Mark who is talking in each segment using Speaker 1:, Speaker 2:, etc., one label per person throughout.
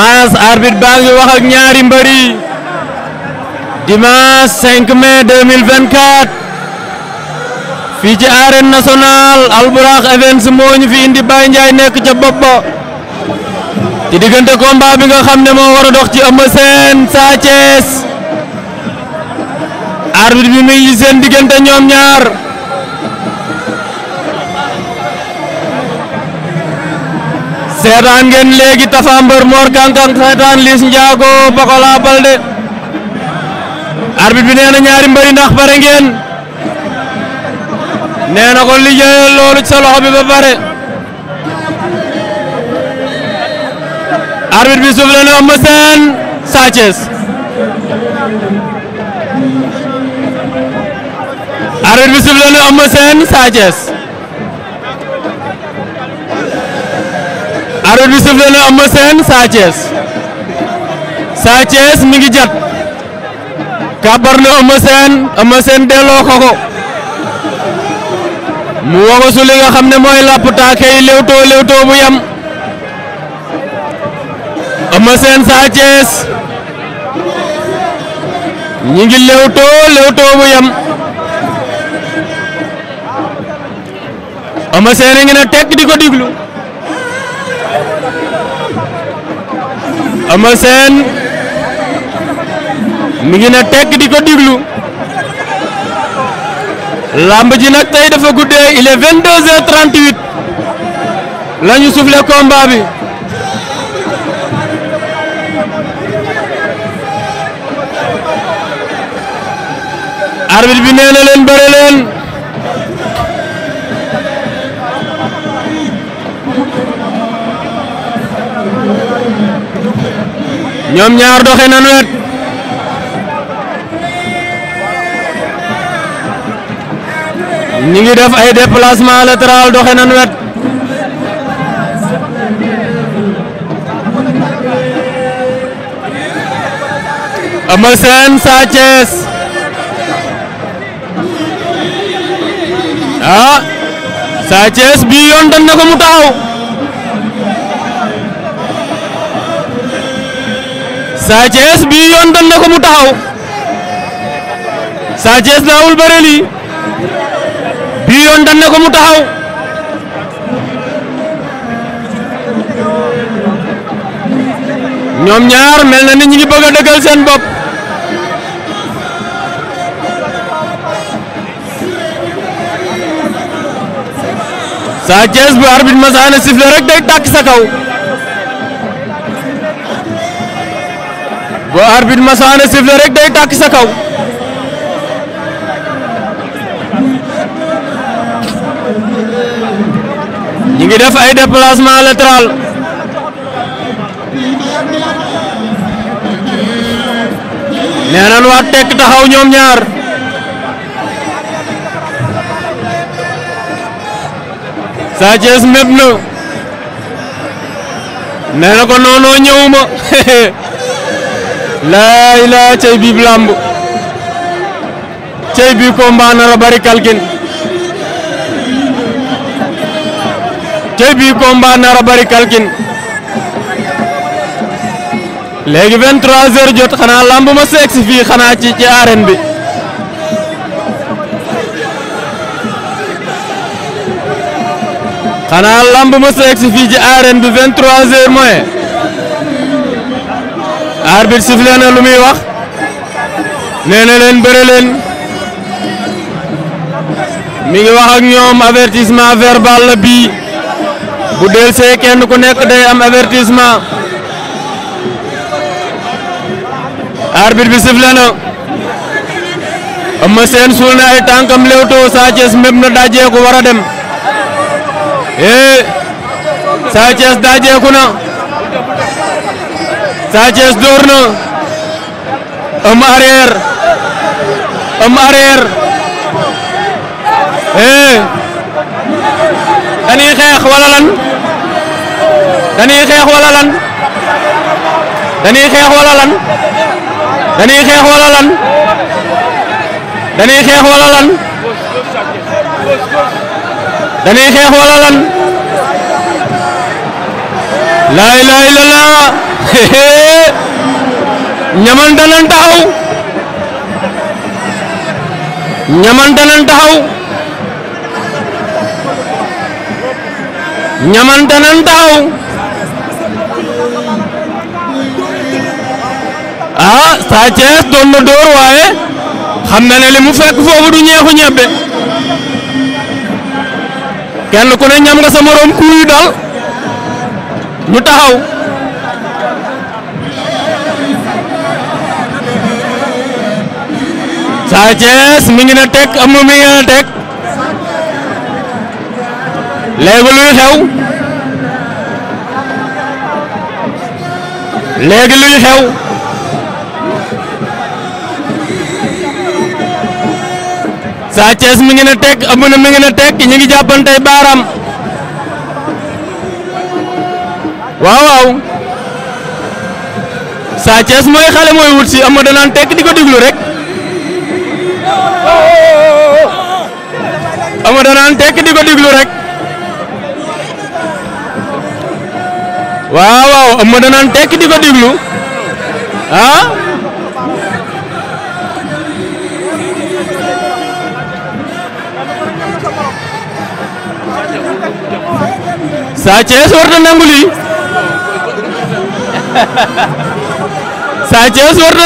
Speaker 1: Mass arbitre baa ngi wax ak ñaari mbëri dimanche 5 mai 2024 fii ci arène nationale Albourakh Events moo ñu fi indi Baye Ndiaye nekk ca bopp ba ci diggante combat bi nga xam ne moo war a dox ci Eumeu Sène Sa Thiès arbitre bi muy seen diggante ñoom ñaar. seetaan ngeen léegi Tapha Mbeur Mor Kang Kang seetaan Liss Ndiago Pokola Baldé arbitre bi nee na ñaari ndax pare ngeen nee ko liggéeyal loolu sa loxo bi ba pare arbitre bi suuf la ne Eumeu bi suuf la arbitre bi sifflé na Eumeu Sène Sa mi ngi jat kàbbar na Eumeu Sène Eumeu ko ko mu waŋasu nga xam ne mooy lapptaake yi lewtoo lewtoo bu yam Eumeu Sène Sa Thiès ñi ngi lewtoo lewtoo bu yam Eumeu Sène ngi na tekk di ko diglu Eumeu Sène mi ngi ne tekk di ko diglu lamb ji nag tey dafa guddee il est 22h38 la ñu soufflé combat bi arbitre bi nee leen bëre leen ñoom ñaar doxe nañu wet ñu ngi def ay déplacement latéral doxe nañu wet Eumeu Sène Sa Thiès ah Sa bi yoon dañ na ko mu taxaw Sa Thiès bi yoon doon na ko mu taxaw Sa Thiès laawul bëre lii bi yoon doon ko mu taxaw ñoom ñaar mel na ni ñu ngi bëgg dëggal seen bopp Sa Thiès bu arbitre masaana sifflé rek day tàkk sa kaw boo arbitre masaane siffle rek day tàkk sa kaw ñi ngi def ay déplacement latéral nee nañ wax tekk taxaw ñoom ñaar Sa Thiès méb na nee na ko noonoo ñëwuma laay laa cey biib làmb cey bi combat nar a bari kalkin cey bi combat nar a bari kalkin léegi 23h jot xanaa làmb ma seeg fii xanaa ci ci arène bi xanaa làmb ma seeg fii ci arène bi 23h mooy arbitre sifflé na lu muy wax nee leen bëre leen mi ngi wax ak ñoom avertissement verbal la bii bu delsee kenn ku nekk day am avertissement arbitre bi sifflé na Eumeu Sène suul na ay tànkam lewtoo Sa Thiès na dajeeku war a dem eh Sa Thiès na Sa Thiès door na am arrière am arrière eh dañuy xeex xeex wala lan dañuy xeex xeex wala lan dañuy xeex xeex wala lan laa ilaaha illallaah ñaman danan taxaw ñaman danan taxaw ñaman danan taxaw ah, na dóor waaye xam na ne li mu fekk foofu du ñeexu ñebbe kenn ku ne ñam nga sa morom dal ñu taxaw Sa Thiès mi ngi na teg am na mi ngi na teg léegi luy xew ngi na teg am na mi ngi na teg ñu ngi jàppante baaraam waaw waaw Sa Thiès mooy xale mooy wut si am na danaan teg di ko déglu rek. ama danaan tekk di ko diglu rek waaw waaw ama danaan tekk di ko diglu ah Sa Thiès warta nangu lii Sa Thiès warta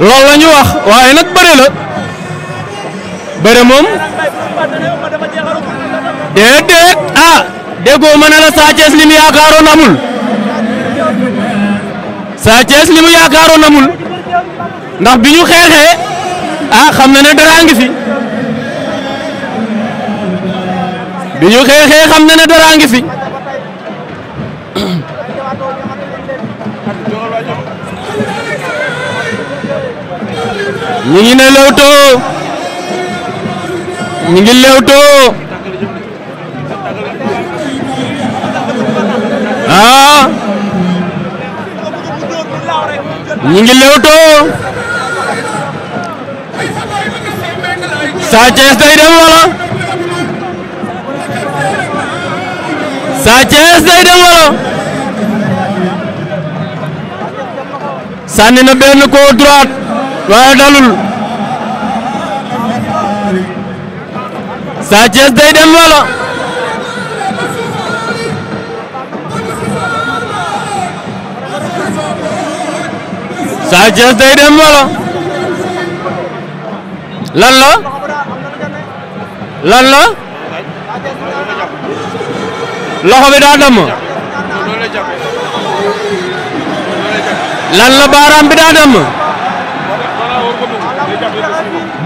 Speaker 1: loolu ñu wax waaye nag bare la bëre moom déedéet ah déggoo ma ne la Sa li mu yaakaaroon amul Sa Thiès li mu yaakaaroon amul ndax bi ñu xeexee a ah, xam na ne dara ngi fi bi ñu xeexee xam na ne dara ngi fi. ñu ngi ne Leewtoo ñu ngi Leewtoo ah ñu ngi Leewtoo Sa Thiès day dem Sa Thiès day dem wala. sànni na benn ko droite waaye dalul Sa Thiès day dem wala Sa day dem wala lan la lan la loxo bi daa dem lan la baaraam bi daa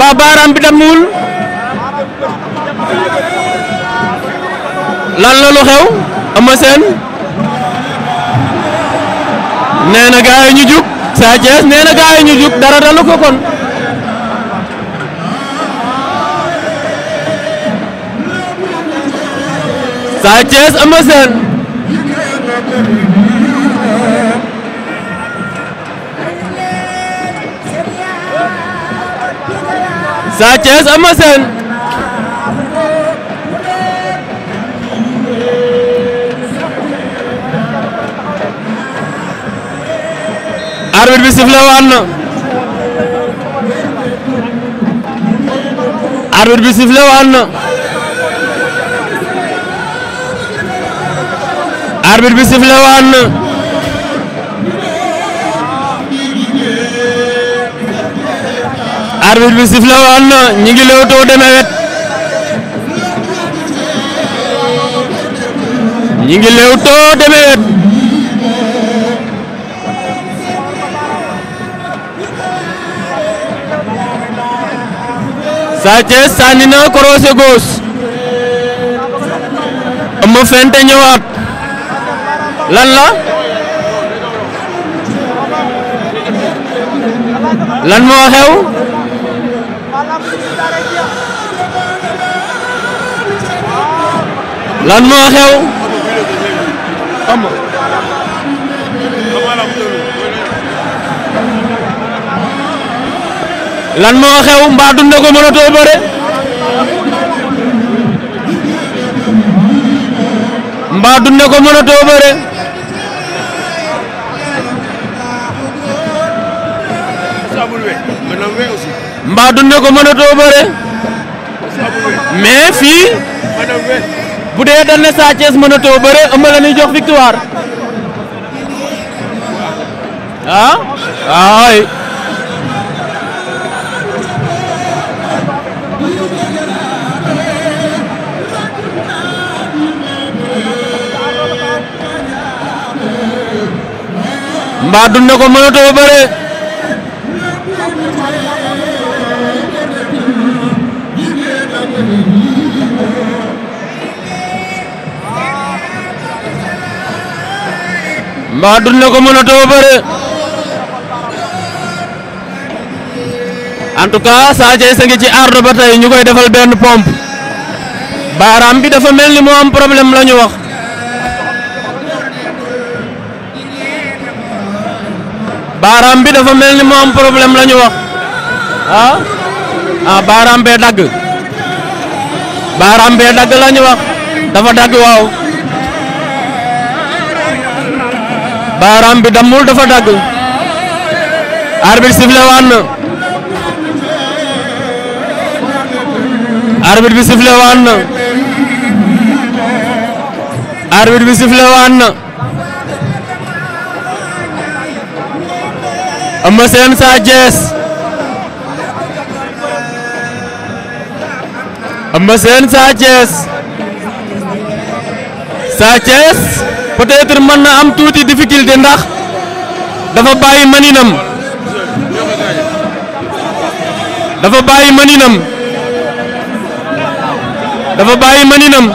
Speaker 1: mbaa bi dammul lan la lu xew Eumeu Sène nee na ñu jug Sa Thiès nee na gaa ñu jug dara dalu ko kon Sa Thiès Eumeu Sa Thiès Eumeu Sène arbitre bi sifflé waat na arbitre bi sifflé waat na arbitre bi sifflé waat na arbitre bi sifla waan na ñi ngi lewtoo deme wet ñi ngi lewtoo deme wet Sa sànni na korose goos ñëwaat lan la lan moo xew lan moo xew. xam nga. lan mbaa dund ko mënatoo bëre. mbaa dund ko mënatoo bëre. mbaa dund ko mënatoo bëre. mais fii. bu dee dañ ne Sa Thiès mënatoo bëre ëmb la ñuy jox victoire ah waay mbaa dund na mbaa dund ko mënatoo bëre en tout cas Sa Thiès a ci ardo ba tey ñu koy defal benn pompe baaraam bi dafa mel ni moo am problème la ñu wax baaraam bi dafa mel ni moo am problème la ñu wax ah ah baaraam bee dagg baaraam bee dagg la wax dafa dagg waaw. baaraam bi dammul dafa dagg arbitre sifflé waan na arbitre bi sifflé waan na arbitre bi sifflé waan na Eumeu Sène peut-être mën na am tuuti difficulté ndax dafa bàyyi maninam dafa bàyyi maninam dafa bàyyi maninam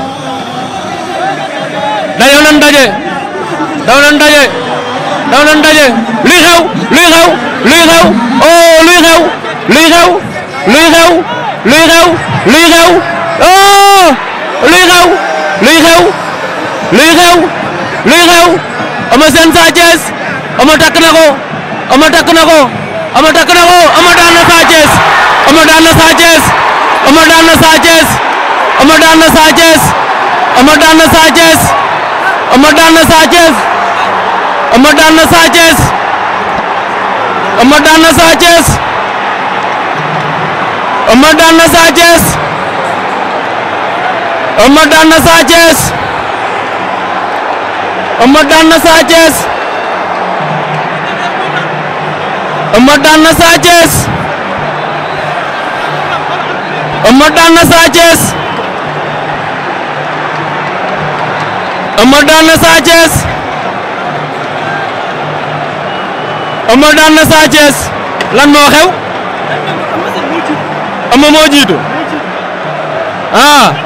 Speaker 1: dañoo leen daje daw leen daje daw leen daje luy xew luy xew luy xew oh luy xew luy xew luy xew luy xew luy xew oh, luy xew luy xew luy xew luy xew Eumeu Sène Sa Thiès Eumeu takk na ko Eumeu takk na ko Eumeu takk na ko Eumeu daan na Sa Thiès Eumeu daan na Sa Thiès Eumeu daan na Sa Thiès Eumeu daan na Sa Thiès Eumeu daan na Sa Thiès Eumeu daan na Sa Thiès Eumeu daan na Sa Thiès Eumeu daan na Sa Thiès Eumeu daan na Sa Thiès Eumeu daan na Sa Thiès Eumeu daan na Sa Thiès Eumeu daan na Sa Thiès daan na Sa Thiès daan na Sa Thiès daan na Sa lan moo xew Eumeu moo ah.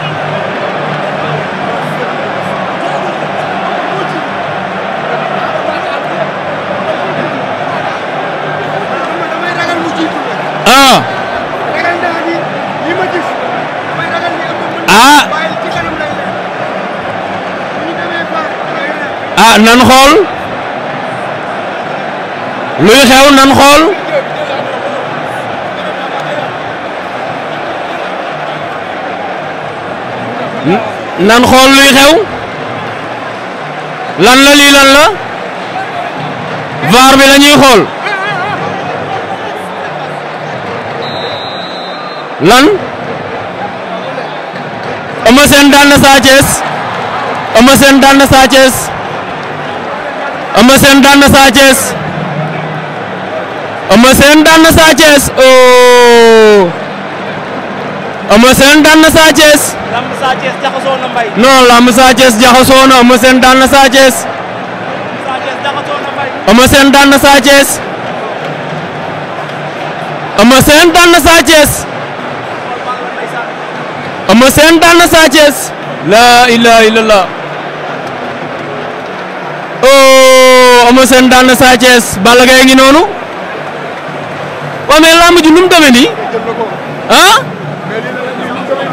Speaker 1: ah ah nan xool luy xew nan xool nan xool luy xew lan la lii lan la VAR bi la ñuy xool lan. Eumeu Sène daan na Sa Thiès Eumeu Sène daan na Sa Thiès Eumeu Sène daan na Sa Thiès Eumeu Sène daan na Sa Thiès oh Eumeu Sène daan na Sa Thiès lamb Sa Thiès jaxasoo na mbay non lamb Sa Thiès jaxasoo na Eumeu Sène daan na Sa Thiès Eumeu Sène daan na Sa Thiès Eumeu Sène daan na Sa Thiès Eumeu Sène daan na Sa Thiès la ilaha illallah oh Eumeu Sène Balla Gaye ngi noonu waaw mais lamb ji nu mu demee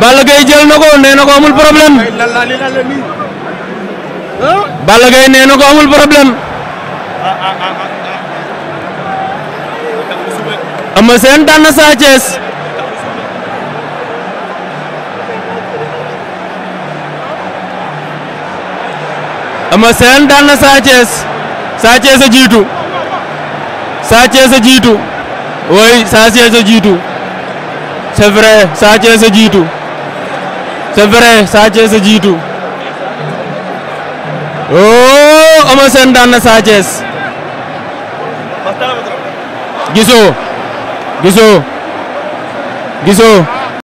Speaker 1: Balla Gaye jël na ko nee na Balla Gaye nee na ko amul problème Eumeu Sène Eumeu Sène daan na Sa Thiès Sa Thiès a jiitu Sa Thiès a jiitu oui Sa a jiitu c'est vrai a jiitu c'est vrai a jiitu oh Eumeu Sène daan na gisoo gisoo gisoo